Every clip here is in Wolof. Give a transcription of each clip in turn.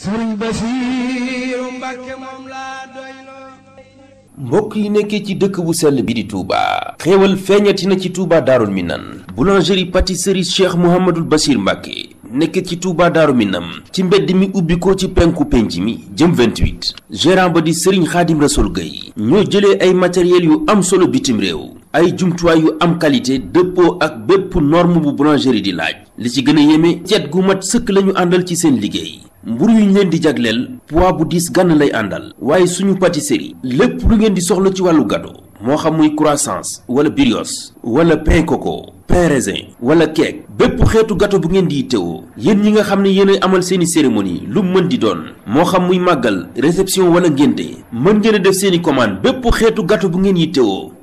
sëriñ mbokk yi nekkee ci dëkk bu sell bi di Touba. xéewal feeñati na ci Touba Darou Minane. boulangerie pâtisserie Cheikh Mouhamadul Bachir Mbacke. nekk ci Touba Darou Minane. ci mbedd mi ubbi ko ci penku penc mi jëm 28. gérant ba di Serigne Khadim Rassoul Gueye. ñoo jëlee ay matériel yu am solo bitim réew. ay jumtuwaay yu am qualité dëppoo ak bépp norme bu boulangerie di laaj. li ci gën a yéeme. cet gu mat sëkk lañu àndal ci seen liggéey. mburu yu ngeen di jagleel poids bu diis gànn lay àndal waaye suñu pâtisserie lépp lu ngeen di soxla ci wàllu gâteau moo xam muy croissants wala brioche wala pain coco pain wala cake bépp xeetu gato bu ngeen di teewoo yéen ñi nga xam ne yéen a amal seeni cérémonie lu mën di doon moo xam muy màggal réception wala ngénte mën ngeen a def seeni commande bépp xeetu gato bu ngeen yi teewoo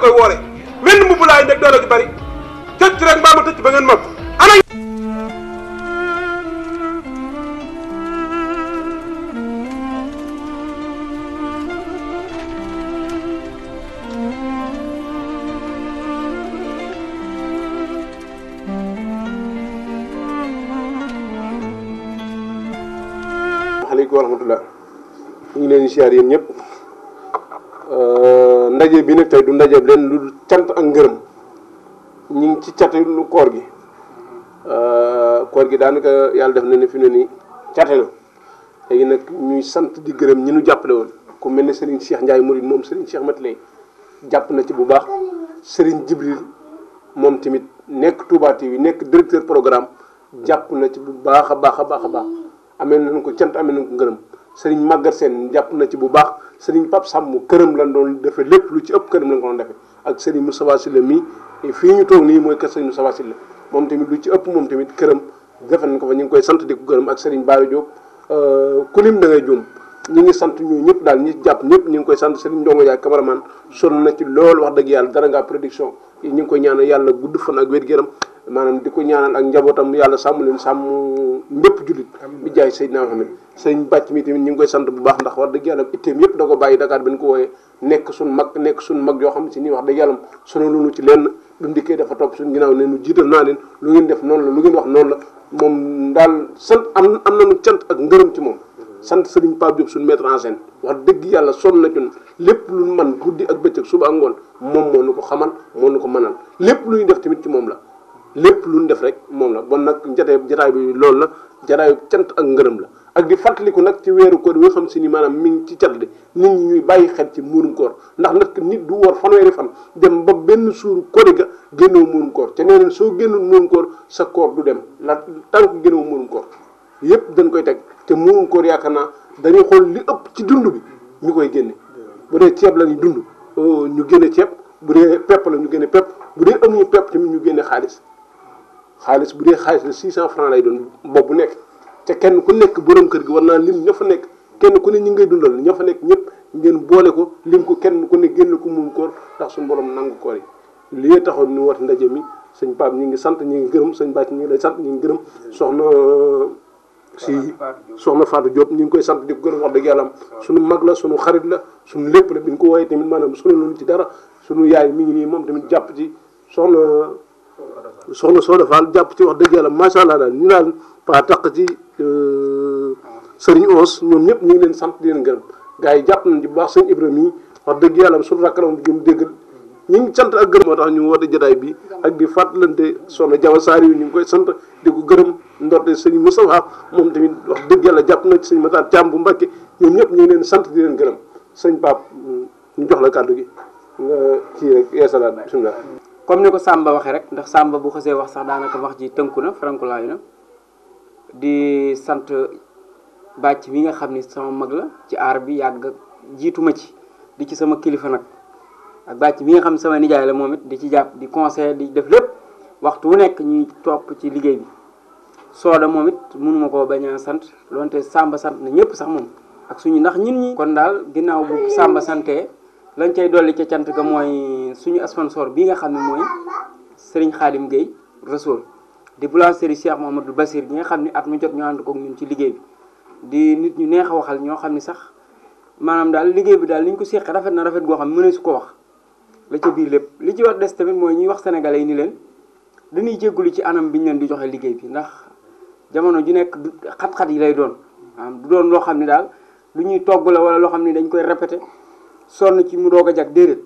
koy woore wenn mbubb laay nekk doole ju bari tëcc rek mbaa ma tëcc ba ngeen nopp ana aleykum wa rahmatullah ñu ngi leen di siyaar yéen ñëpp ndaje bi nag tey du ndaje leen lu cant ak ngërëm ñu ngi ci cate lu koor gi euh, koor gi daanaka yàlla def na ne fi nii cate na léegi nag ñuy sant di gërëm ñi nu jàppalewoon ku mel ne Serigne Cheikh Ndiaye Mouride moom Serigne Cheikh Matlay jàpp na ci bu baax Serigne Jibril moom tamit nekk Touba TV nekk directeur programme jàpp na ci bu baax a baax a baax a baax amee nañu ko cant amee nañu ko ngërëm. sëriñ Maguette seen jàpp na ci bu baax sëriñ Pape Sàmm këram lañ doon defe lépp lu ci ëpp këram lañ ko doon defee ak sëriñ Moustapha Sylla mii fii ñu toog nii mooy kër sëriñ Moustapha Sylla moom tamit lu ci ëpp moom tamit këram defe nañ ko fa ñu ngi koy sant di ko gërëm ak sëriñ Baye Diop euh, ku lim da ngay ñu ngi sant ñooñu ñëpp daal ñi jàpp ñëpp ñu ngi koy sant Serigne Ndongo Ndiaye cameraman sonn na ci lool wax dëgg yàlla dara nga production ñu ngi koy ñaanal yàlla gudd fan ak wér géram maanaam di ko ñaanal ak njabootam yàlla sàmm leen sàmm ñëpp jullit jaay Seydina Muhammad sëñ bàcc mi tamit ñu ngi koy sant bu baax ndax wax dëgg yàlla itteem yëpp da ko bàyyi Dakar bi ñu ko wooyee nekk suñ mag nekk suñ mag yoo xam ne si nii wax dëgg yàlla sonalunu ci lenn bi mu dikkee dafa topp suñ ginnaaw ne nu jiital naa leen lu ngeen def noonu la lu ngeen wax noonu la moom daal sant am am na nañu cant ak ngërëm ci moom sant sëriñ Pape Diop suñu maître en scène wax dëgg yàlla sonn na ñun lépp lu man guddi ak bëccëg suba ak ngoon moom moo nu ko xamal moo nu ko mënal lépp lu ñu def tamit ci moom la lépp lu ñu def rek moom la bon nag jatee jataay bi loolu la jataayu cant ak ngërëm la ak di fàttaliku nag ci weeru koor bi nga xam si ni maanaam mi ngi ci cat li nit ñuy bàyyi xel ci muurum koor ndax nag nit du woor fanweeri fan dem ba benn suuru koori ga génnoo muurum koor te nee soo génnul muurum koor sa koor du dem la tànk génnoo muurum koor yëpp dañ koy teg te moomu koor yaakaar naa dañuy xool li ëpp ci dund bi ñu koy génne bu dee ceeb la ñu dund euh, ñu génne ceeb bu dee pepp la ñu génne pepp bu dee amuñu pepp tamit ñu génne xaalis xaalis bu dee xaalis la 600 francs lay doon bopp bu nekk te kenn ku nekk borom kër gi war naa lim ña fa nekk kenn ku ne ñi ngay dundal ña fa nekk ñëpp ngeen boole ko lim ko kenn ku ne génn ko moom koor ndax suñu borom nangu koor yi lii taxoon nu wat ndaje mi suñ Pape ñu ngi sant ñu ngi gërëm sëñ Bac ñi lay sant ñi gërëm soxna si soxna Fatou Diop ñu ngi koy sant di ko gërëm wax dëgg yàlla suñu mag la suñu xarit la suñu lépp la bi ñu ko wooyee tamit maanaam suñu loolu ci dara suñu yaay mi ngi nii moom tamit jàpp ci soxna soxna Soda Fall jàpp ci wax dëgg yàlla ci euh, sëriñ Ons ñoom ñëpp ñu ngi leen sant di leen gërëm gars yi jàpp nañ ci bu baax sëñ Ibrahima yi wax dëgg yàlla suñu rakk la woon gën dégg ñu ngi sant ak gërëm moo tax ñu woote jotaay bi ak di fàttalante soxna Jawa Saar yi ñu ngi koy sant di ko gërëm de ndorde sëñ Moustapha moom tamit wax dëgg yàlla jàpp na ci sëñ Matar Thiam bu Mbàkke ñoom ñëpp ñu ngi leen sant di leen gërëm sëñ Pape ñu jox la kàddu gi nga kii comme ni ko Samba waxee rek ndax Samba bu xasee wax sax daanaka wax ji tënku na farankulaayu na di sant bàcc mi nga xam ni sama mag la ci aar bi yàgg jiituma ci di ci sama kilifa nag ak bàcc mi nga xam ne sama nijaay la moom it di ci jàpp di conseil di def lépp waxtu wu nekk ñuy topp ci liggéey bi sooda moom it mënuma koo bañ a sant donte sàmba sant na ñëpp sax moom ak suñu ndax ñin ñi kon daal ginnaaw bu sàmba santee lañ cay dolli ca cant ga mooy suñu sponsor bi nga xam ne mooy Serigne Khadim géey Rassoul di boulangerie Cheikh Mouhamadou Bassir bi nga xam ne at mu jot ñu ànd kook ñun ci liggéey bi di nit ñu neex a waxal ñoo xam ne sax maanaam daal liggéey bi daal li ñu ko séqee rafet na rafet goo xam ne mënee su ko wax la ca biir lépp li ci war des tamit mooy ñuy wax sénégalais yi ni leen dañuy jéggulu ci anam bi ñu leen di joxe liggéey bi ndax jamono ju nekk xat-xat yi lay doon du doon loo xam ne daal lu ñuy togg la wala loo xam ne dañ koy répété sonn ci mu doog a jag déedéet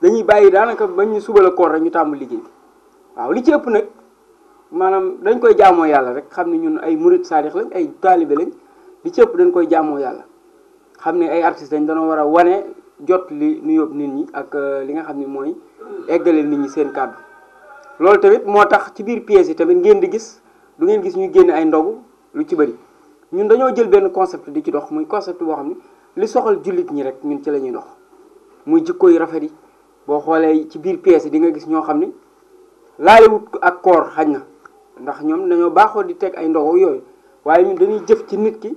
dañuy bàyyi daanaka ba ñu suba la koor rek ñu tàmbali liggéey waaw li ci ëpp nag maanaam dañ koy jaamoo yàlla rek xam ne ñun ay murit saadix lañ ay taalibe li ci ëpp dañ koy jaamoo yàlla xam ne ay artistes lañ dañoo war a wane jot li nu yóbbu nit ñi ak euh, li nga xam ne mooy eggale nit ñi seen kàddu loolu tamit moo tax ci biir pièces yi tamit ngeen di gis du ngeen gis ñu génne ay ndogu lu ci bëri ñun dañoo jël benn concept di ci dox muy concept boo xam ne li soxal jullit ñi rek ñun ci la ñuy dox muy jikko yu rafet yi boo xoolee ci biir pièce yi di nga gis ñoo xam ne laalewut ak koor xaj na ndax ñoom dañoo baaxoo di teg ay ndogu yooyu waaye ñun dañuy jëf ci nit ki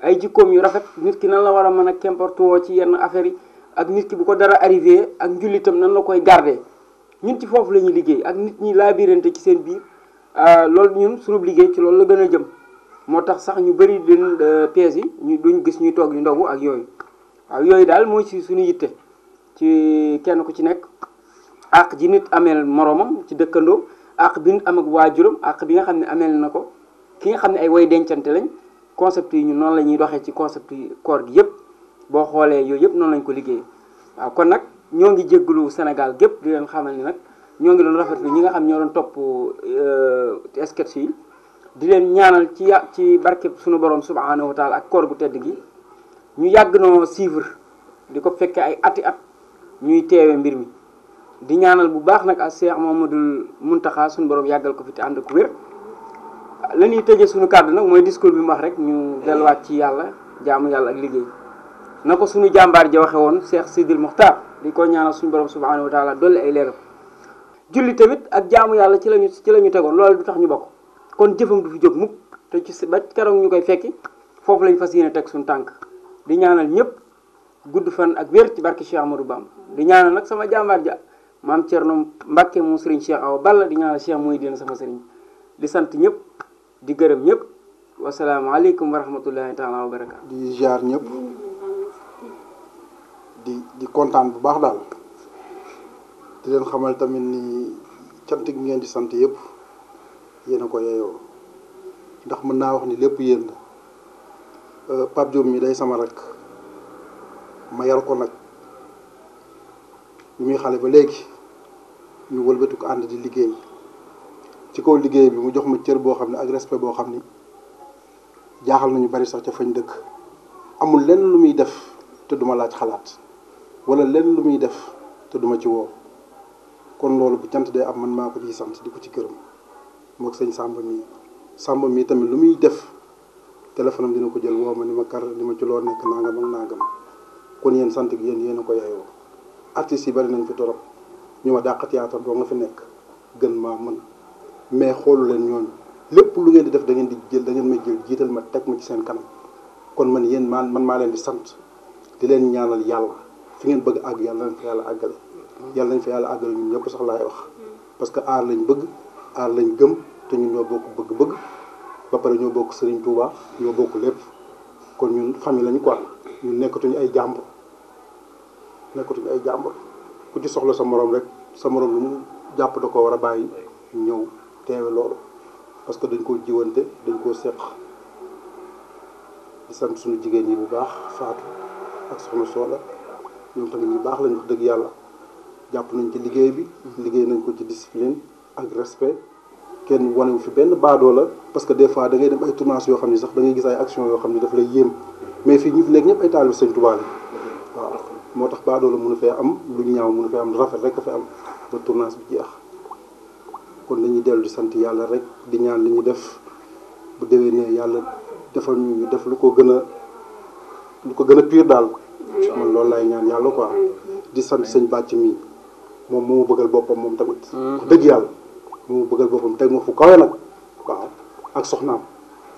ay jikkoom yu rafet nit ki nan la war a mën a comporter woo ci yenn affaires yi ak nit ki bu ko dara arrivé ak njullitam nan la koy garder ñun foofu la ñuy liggéey ak nit ñi laabirante ci seen biir Euh, loolu ñun suñu liggéey ci loolu la gën a jëm moo tax sax ñu bari duñ euh, pièces yi ñu duñ gis ñuy toog di ndogu ak yooyu waaw yooyu daal mooy ci suñu yitte ci kenn ku ci nekk àq ji nit ameel moroomam ci dëkkandoo àq bi nit am ak waajuram àq bi nga xam ne ameel na ko ki nga xam ne ay way dencante lañ concept yi ñu noonu la ñuy doxee ci concept koor gi yëpp boo xoolee yooyu yëpp noonu lañ ko liggéey waaw kon nag ñoo ngi jégglu Sénégal gépp di leen xamal ni nag ñoo ngi doon rafetlu ñi nga xam ñoo doon topp euh, sketch yi di leen ñaanal ci ya ci barkeb suñu borom subhanahu wa ak koor gu tedd gi ñu yàgg noo suivre di ko fekkee ay ati at ñuy teewe mbir mi di ñaanal bu baax nag a dul mun Muntaxa suñu borom yàggal ko fi te ànd ak wér la ñuy suñu kàddu nag mooy discours bi mu wax rek ñu delluwaat ci yàlla jaamu yàlla ak liggéey na ko suñu jàmbaar ja waxe woon Cheikh Sidil Mokhtar di ko ñaanal suñu borom subhanahu wa taala dolli ay leeram julli tamit ak jaamu yàlla ci lañu ci la ñu tegoon loolu du tax ñu bokk kon jëfam du fi jóg mukk te ci si ba keroog ñu koy fekki foofu lañ fas yéene teg suñu tànk di ñaanal ñëpp gudd fan ak wér ci barke Cheikh Amadou Bamba di ñaanal nag sama jàmbaar ja maam Thierno Mbacke moom sëriñ Cheikh Awa Balla di ñaanal Cheikh mooy dina sama sëriñ di sant ñëpp di gërëm ñëpp wasalaamaaleykum wa rahmatullahi taala wa barakaatu. di ziar ñëpp di di kontaan bu baax daal. di leen xamal tamit ni cant gi ngeen di sant yëpp yéen a ko yeyoo ndax mën naa wax ni lépp yéen la euh, Pape mi day sama rakk ma yar ko nag ñu muy xale ba léegi ñu wëlbati ànd di liggéey ci kaw liggéey bi mu jox ma cër boo xam ne ak respect boo xam ni jaaxal nañu bari sax ca fañ dëkk amul lenn lu muy def te duma laaj xalaat walla lenn lu muy def te duma ci woo kon loolu bu cant day am man maa ko ciy sant di ko ci gërëm moog sëñ Samba mii Samba mii tamit lu muy def téléphone dina ko jël woo ma ni ma kar ni ma ci loo nekk nangam ak nangam kon yéen sant gi yéen a ko yaayoo artistes yi nañ fi torop ñu ma dàq théâtre doo nga fi nekk gën maa mën mais xoolu leen ñooñu lépp lu ngeen di def da ngeen di jël da ngeen ma jël jiital ma teg ma ci seen kanam kon man yéen maa man maa leen di sant di leen ñaanal yàlla fi ngeen bëgg àgg yàlla na leen yàlla àggale yàlla nañ fa yàlla àggal ñu ñëpp sax laay wax parce que aar lañ bëgg aar lañ gëm te ñun ñoo bokk bëgg-bëgg ba pare ñoo bokk Serigne Touba ñoo bokk lépp kon ñun famille lañu quoi ñun nekkatuñu ay jàmbur nekkatuñu ay jàmbur ku ci soxla sa morom rek sa morom lu mu jàpp da ko war a bàyyi ñëw teewe loolu parce que dañ koo jiwante dañ koo seq di suñu jigéen ñi bu baax Fatou ak soxna Soola ñoom tamit ñu baax lañ dëgg yàlla jàpp nañ ci liggéey bi liggéey nañ ko ci discipline ak respect kenn wanewu fi benn baadoo la parce que des fois da ngay dem ay tournage yoo xam ne sax da ngay gis action yoo xam ne daf lay yéem mais fii ñu fi ñëpp ay taalibe Sëñ Tuubaa la waaw moo tax baadoo la mënu fee am lu ñaaw mënu fee am rafet rek am ba tournage bi jeex kon dañuy dellu di sant yàlla rek di ñaan li ñu def bu déwénee yàlla defal ñu def lu ko gën a lu ko gën a pire daal man loolu laay ñaan yàlla quoi di sant sëñ bàcc mi moom moo bëggal boppam moom tamit. Mm-hmm. dëgg yàlla moo bëggal boppam teg ma fu kawe nag waaw ak soxnaam.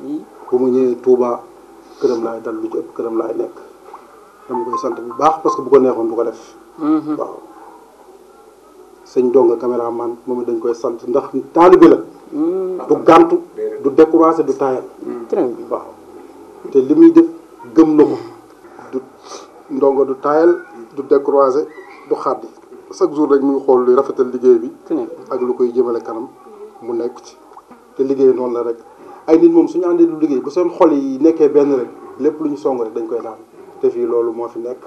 Mm-hmm. bu mu ñëwee Touba këram laay dal lu ci ëpp këram laay nekk dama koy sant bu baax parce que bu ko neexoon du ko def. Mm-hmm. waaw sëñ Donga caméraman moom dañ koy sant ndax taalibe la. du gàntu du découragé du taayal. waaw te li muy def gëm na du ndongo du taayal du découragé du xàddi. chaque jour rek mu xool luy rafetal liggéey bi ak lu koy jëmale kanam mu nekk ci te liggéey noonu la rek ay nit moom suñu àndee lu liggéey bu seen xol yi nekkee benn rek lépp lu ñu song rek dañ koy naan te fii loolu moo fi nekk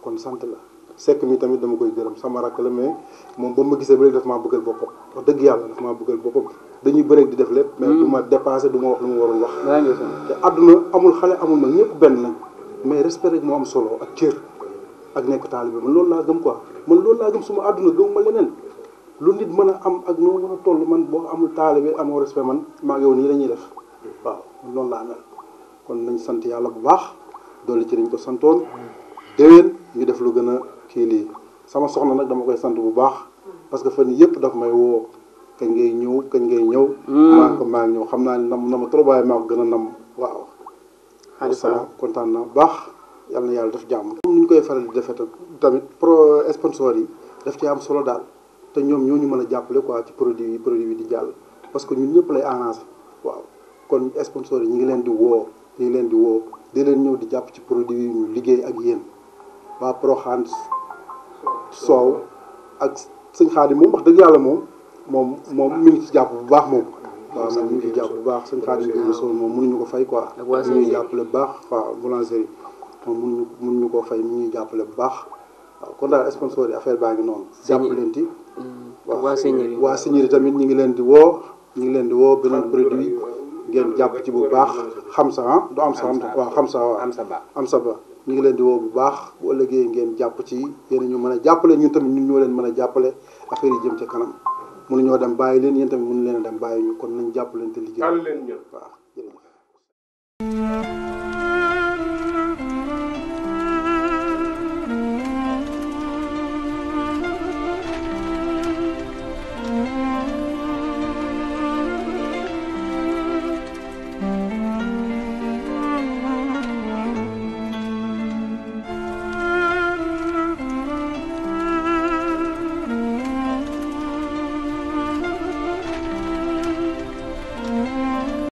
kon sant la sekk mi tamit dama koy gërëm sama rakk moom ba ma gisee ba léegi daf maa bëggal boppam wax dëgg yàlla maa bëggal boppam dañuy bëreeg di def lépp mais hmm. du ma dépensé du ma wax lu ma waroon wax te àdduna amul xale amul mag ñëpp benn lañ mais respect moo am solo ak cër ak nekk taalibe man loolu laa gëm quoi man loolu laa gëm suma àdduna gëm ma leneen lu nit mën a am ak noo mën a man boo amul taalibe amoo respect man maa ngi yow nii lañuy def waaw man loolu laa kon nañ sant yàlla bu baax dolli ci dañ ko santoon ñu def lu gën a kii lii sama soxna nag dama koy sant bu baax parce que fan yëpp daf may woo kañ ngay ñëw ngay ñëw. Hmm. maa ko ngi ñëw xam naa ne nam na ma trop maa ko gën a nam waaw. alhamdulilah kontaan bu baax. yal na yàlla daf jàmm. comme ni ñu koy faral di defee tamit pro sponsor yi daf ci am solo daal te ñoom ñoo ñu mën a jàppale quoi ci produit yi produit yi di jàll parce que ñun ñëpp lay arrangé waaw kon sponsor yi ñu ngi leen di woo ñu ngi leen di woo di leen ñëw di jàpp ci produit yi ñu liggéey ak yéen waa Proxand soow ak sëñ Xaadim moom wax dëgg yàlla moom moom moom mi ngi ci jàpp bu baax moom. waaw moom mi ngi ci jàpp bu baax sëñ Xaadim moom mënuñu ko fay quoi. ñu ngi jàppale bu baax waaw boulangerie moom mun ñu mun ñu koo fay mu ñuy jàppale bu baax waaw kon daal sponsor yi affaire baa ngi noonu jàpp leen ci mm. waa Seigneurie waa Seigneurie tamit ñu ngi leen di woo ñu ngi leen di woo beneen produit ngeen jàpp ci bu baax xam sa ah du am sa waaw xam sa waaw am sa ba ñu ngi leen di woo bu baax boo ëllëgee ngeen jàpp ci yéen ñu mën a jàppale ñu tamit ñun ñoo leen mën jàppale affaire yi jëm ca kanam mënu ñoo dem bàyyi leen yéen tamit mënu leen dem bàyyi ñu kon nañ jàpp leen te liggéey waaw